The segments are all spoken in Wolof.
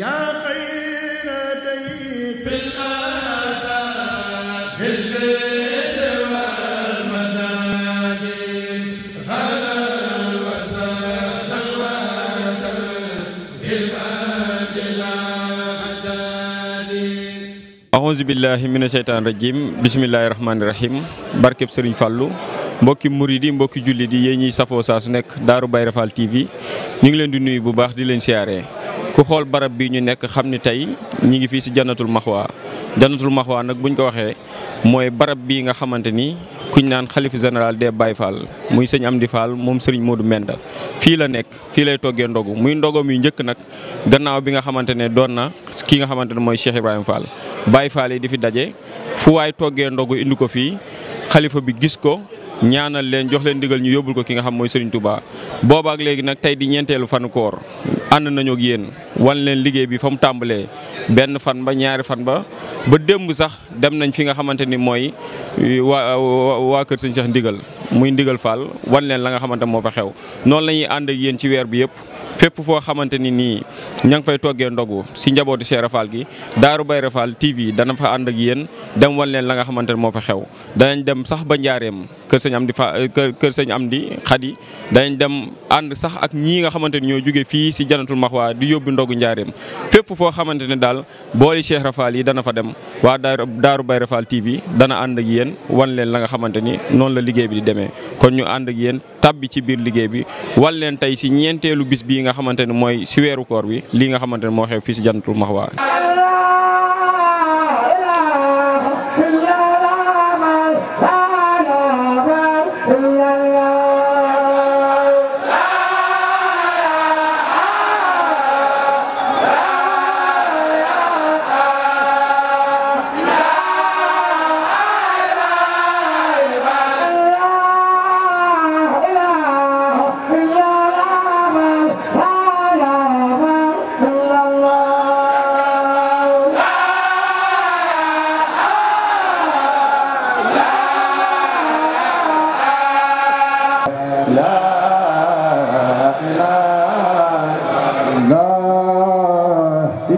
yaa xayra day fil aadaa fil bayt wal madaajid halan wa sahlan wa atan bil aadilaa billaahi mina sheytaani rajiim bismillaahi rahmaani rahiim barkeb Sëriñ Fàllu mbokki murid yi mbokki jullit yi yéen ñiy safoo saa su nekk Daaru Bayrafal TV ñu ngi leen di nuyu bu baax di leen siyaaree ku xool barab bi ñu nekk xam ni tey ñi ngi fii si jannatul maxwa jannatul maxwa nag bu ñu ko waxee mooy barab bii nga xamante ni kuñ naan xalifa général des Baye Fall muy sëñ Amdi Fall moom sëriñ moodu Menda fii la nekk fii lay toggee ndogu muy ndogom yu njëkk nag gannaaw bi nga xamante ne doon na ki nga xamante ne mooy Cheikh Ibrahima Fall Baye yi di fi daje fu waay toggee ndogu indi ko fii xalifa bi gis ko ñaanal leen jox leen ndigal ñu yóbbul ko ki nga xam mooy sëriñ Touba boobaak léegi nag tey di ñeenteelu fanu koor ànd yéen wan leen liggéey bi fa mu tàmbalee benn fan ba ñaari fan ba ba démb sax dem nañ fi nga xamante ni mooy waa waa kër sëñ sax Ndigal muy Ndigal Fall wan leen la nga xamante moo fa xew noonu la ñuy ànd yéen ci weer bi yëpp fépp foo xamante ni nii ña ngi fay toggee ndogu si njabootu Cheikh Fall gi Daaru Bayré Fall TV dana fa ànd ak yéen dem wan leen la nga xamante ne moo fa xew danañ dem sax ba njaareem kër sëñ am di fa kër sëñ am di xadi danañ dem ànd sax ak ñii nga xamante ni ñoo jóge fii si janatul waa di yóbbu ndogu njaareem fépp foo xamante ne daal booli Cheikh Fall yi dana fa dem waa Daaru Bayré Fall TV dana ànd ak yéen wan leen la nga xamante ni noonu la liggéey bi di dem demee kon ñu ànd ak yéen tàbbi ci biir liggéey bi wal leen tey si ñeenteelu bis bii nga xamante ne mooy si weeru koor bi lii nga xamante ne moo xew fii si Jannatul waar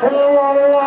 Hello.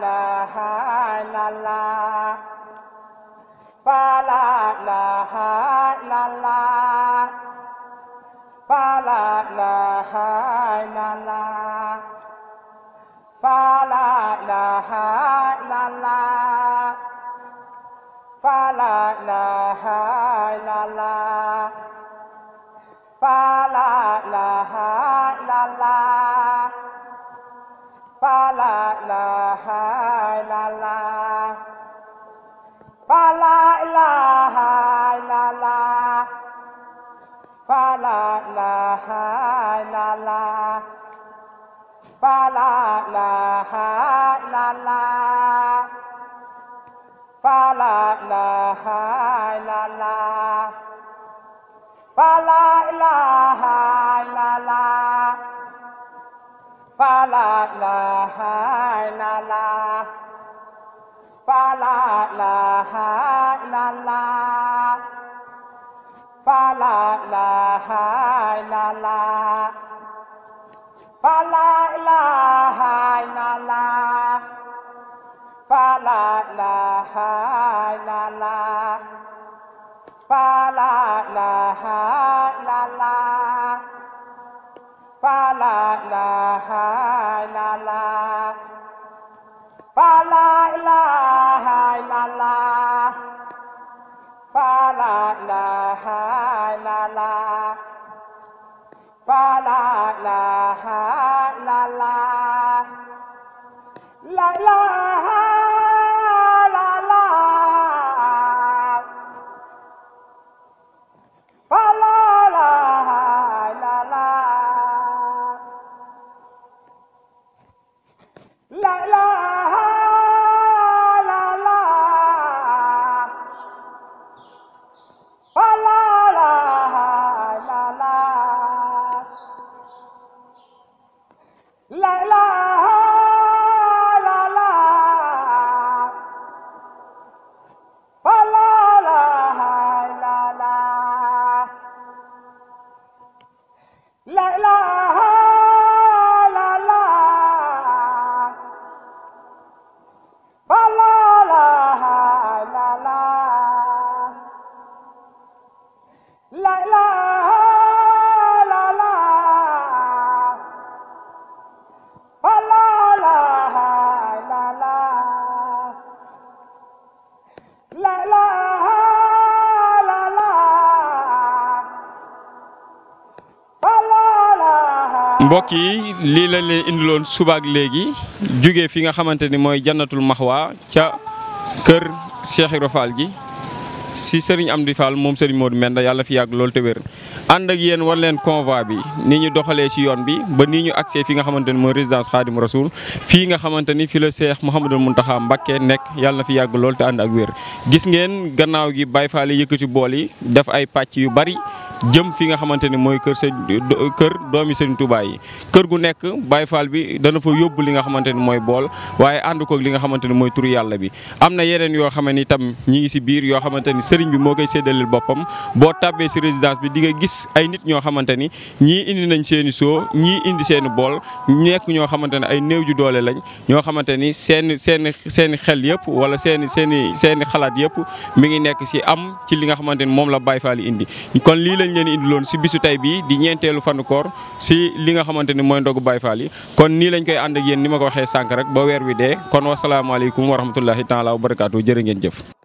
la la la fa la la la la fa la la la la fa la la la la fa la la la la la fa la ilaha illallah fa la ilaha illallah fa la ilaha illallah fa la ilaha illallah fa la ilaha illallah fa la ilaha illallah la la mbokk yi lii lañ leen indiloon subaak léegi jóge fi nga xamante ni mooy jannatul maxwa ca kër Cheikh Ibra Fall gi si Serigne di Fall moom Serigne Modou Menda yàlla fi yàgg loolu te wér ànd ak yéen war leen convoi bi ni ñu doxalee si yoon bi ba nii ñu agsee fi nga xamante ni mooy résidence Khadim Rasoul fii nga xamante ni fi la Cheikh Mouhamadou Mountakha Mbacké nekk yàlla na fi yàgg loolu te ànd ak wér gis ngeen gannaaw gi Baye Fall yëkkati bool yi def ay pàcc yu bari jëm fi nga xamante ni mooy kër sëñ kër doomi sëñ tubaay yi kër gu nekk Baye Fall bi dana fa yóbbu li nga xamante ni mooy bool waaye ànd koog li nga xamante ni mooy turu bi am na yeneen yoo xam ne itam ñi ngi si biir yoo xamante ni sëriñ bi moo koy séddaleel boppam boo tàbbee si résidence bi di nga gis ay nit ñoo xamante ni ñii indi nañ seeni soo ñii indi seeni bool nekk ñoo xamante ne ay néew ju doole lañ ñoo xamante ni seen seen seen xel yëpp wala seen seen i seen xalaat yëpp mi ngi nekk si am ci li nga xamante ni moom la Baye Fall indi kon lii lañ leen indi loon si bisu tey bii di ñeenteelu fanu koor si li nga xamante ni mooy ndogu Baay Faal yi kon nii lañ koy ànd ak yéen ni ma ko waxee sànq rek ba weer wi dee kon wasalaamaaleykum wa rahmatullahi taala wa barakaatu jërë ngeen jëf